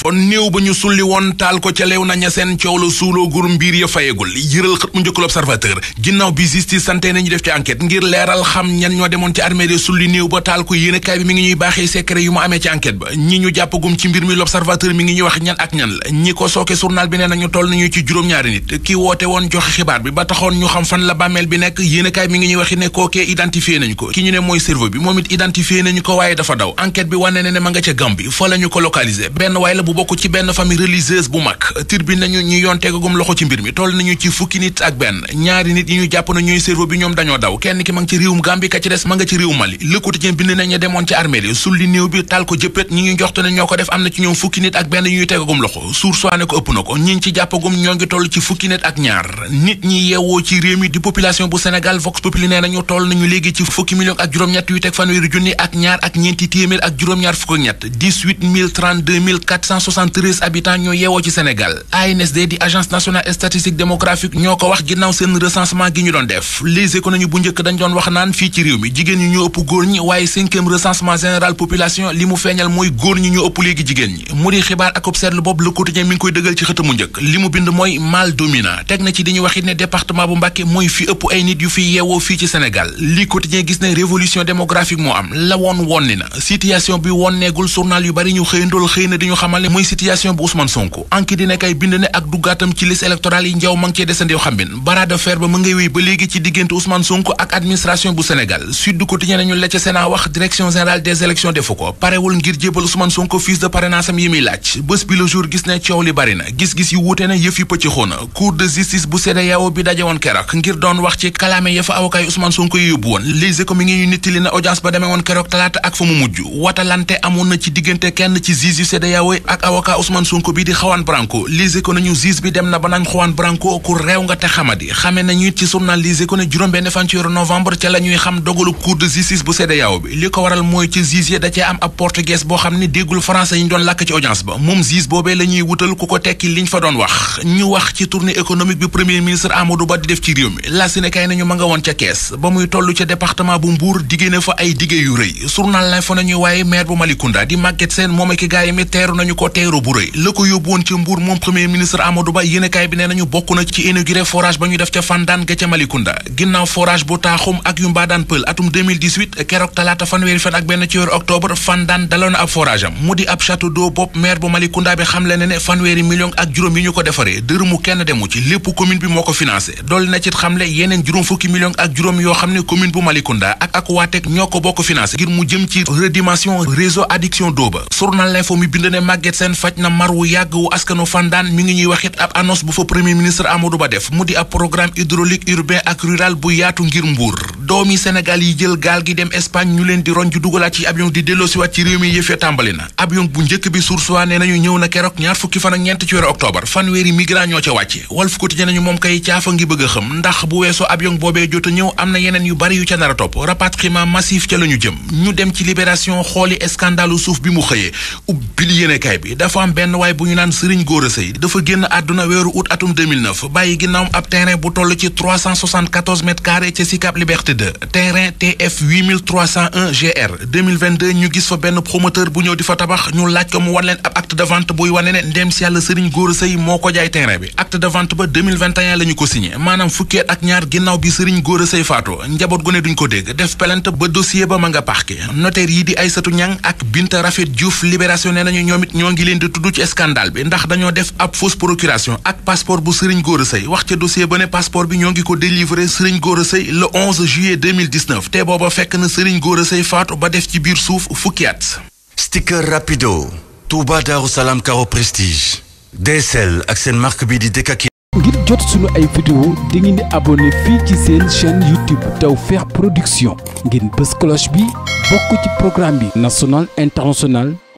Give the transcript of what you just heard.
fa néew ba ñu sulli woon taal ko ca leew na ña seen coow la suuloogul mbir ya fayegul yëral xët mu njëkkal observateur ginnaaw bi justice sante nañu def ci enquête ngir leeral xam ñan ñoo demoon ci armée de sulli néew ba taal ko yéene bi mi ngi ñuy baaxee secret yu mu amee ci enquête ba ñi ñu jàppagum ci mbir mi l'observateur mi ngi ñuy wax ñan ak ñan la ñi ko sooke journal bi nee nañu toll nañu ci juróom-ñaari nit ki woote woon joxe xibaar bi ba taxoon ñu xam fan la bi nekk yéene kaay mi ngi ñuy waxi ne kookee identifié nañu ko ki ñu ne bi moom it identifié nañu ko waaye dafa daw enquête bi wane ne ne nga ca Gambie fa benn waay la bu bokk ci benn famille religieuse bu mag tir nañu ñu yoon tegagum loxo ci mbir mi toll nañu ci fukki nit ak benn ñaari nit yi ñu jàpp na ñooy cerveau bi ñoom dañoo daw demoon ci armée li sulli ne ko ëpp na ko ñi ci jàppagum ñoo ngi toll ci fukki nit ak ñaar nit ñi yeewoo ci réew mi di population bu Sénégal Vox Populi nañu toll nañu léegi ci fukki million ak juróom-ñett yu teg fanweeri junni ak ñaar ak ñeenti téeméer ak juróom-ñaar fukk ak ñett 173 habitants ñoo yeewoo ci Sénégal ANSD di agence nationale statistique démographique ñoo ko wax ginnaaw seen recensement gi ñu doon def Les Échos bu njëkk dañ doon wax naan fii ci réew mi jigéen ñi ñoo ëpp góor ñi waaye cinquième recensement général population li mu feeñal mooy góor ñi ñoo ëpp léegi jigéen ñi mu di xibaar ak observe boobu Le Quotidien mi ngi koy dëggal ci xëtamu njëkk li mu bind mooy mal dominant teg na ci di ñu wax it ne département bu Mbàkke mooy fi ëpp ay nit yu fi yeewoo fii ci Sénégal li Quotidien gis ne révolution démographique moo am la woon woon ni na situation bi yu bari ñu xëyandool xëy na mooy situation bu Ousmane Sonko anki dina kay bind ne ak duggaatam ci liste électorale yi njaw mangi cee desandi xambin bara fer ba mu ngay wéy ba léegi ci diggante Ousmane Sonko ak administration bu Sénégal Sud bi le jour gis na gis ngir doon wax ci kalaame ya fa avocat yi Ousmane yi yóbbu woon Les Échos mi ngi nittali na audience ba demee woon keroog talaata ak fa mu mujj watalante amoon na ci diggante kenn ci juge yu CEDEAO ak ak avocat Ousmane Sonko bi di Juan Branco lise ko nañu juge bi dem na ba naan Juan Branco ku réew nga te xamadi xamee nañu ci journal lise ko ne juróom benn fan ci weeru novembre ca la ñuy xam dogalu cour de justice bu CEDEAO bi li ko waral mooy ci juge da cee am ab portugais boo xam ne déggul français yi ñu doon làkk ci audience ba moom juge boobee la wutal ku ko tekki liñ fa doon wax ñu wax ci tournée économique bi premier ministre Amadou Ba di def woon ca kees ba muy toll ca ay diggée yu rëy journal lañ fa nañuy waaye ko teeru bu rëy la ko yóbbuwoon ci mbuur moom premier ministre Amadou Ba yéenekaay bi nee nañu bokk na ci inauguré forage ba ñu def ca Fandaan ga ca Malikunda ginnaaw forage bu taaxum ak yu mbaadaan pël atum keroog talaata fanweeri fan ak benn ci weeru octobre Fandaan daloon ab forage mu di ab château d'eau bopp maire bu Malikunda bi xamle ne ne fanweeri million ak juróom yi ñu ko defaree dërëmu kenn demu ci lépp commune bi moo ko financé dool ne seen faj na mar wu yàgg wu askanu fandaan mi ngi ñuy waxit ab annonce bu fa premier ministre Amadou Ba def mu di ab programme hydraulique urbain ak rural bu yaatu ngir mbuur doomi Sénégal yi jël gaal gi dem Espagne ñu leen di roñ ju dugalaat ci avion di delloosiwaat ci réew mi yëf ya tàmbali na avion bu njëkk bi sursuwaa nañu ñëw na keroog ñaar fukki fan ñeent ci weeru octobre fanweeri migrant ñoo ca wàcce Walf Quotidien nañu moom kay caafa ngi bëgg a ndax bu weesoo avion boobee jot ñëw am na yeneen yu bari yu ca nar a topp rapatriement massif ca la jëm ñu dem ci libération xooli scandalu suuf bi mu 2022 terrain TF 8301 GR 2022 ñu gis fa benn promoteur bu ñëw di fa tabax ñu laaj ko mu wan leen ab acte de buy wane ne ndem si yàlla Serigne Gora Seye moo ko jaay terrain bi acte de ba 2021 ko signé maanaam fukki ak ñaar ginnaaw bi Serigne Gora Seye faatoo njaboot gu ne duñ ko dégg def plainte ba dossier ba ma nga parqué notaire yi di Aïssatou Niang ak Binta Rafet Diouf libération ne nañu ñoom it ñoo ngi leen di tudd ci scandale bi ndax dañoo def ab fausse procuration juillet 2019 te booba fekk na Serigne Gora Seye faatu ba def ci biir suuf fukki at. sticker rapido. Touba Darou Salam Caro Prestige. DSL ak seen marque bi di dëkk ngir jot sunu ay vidéo di ngeen di abonné fii ci seen chaîne YouTube Tawfekh Production. ngeen bës cloche bi bokk ci programme bi. national international.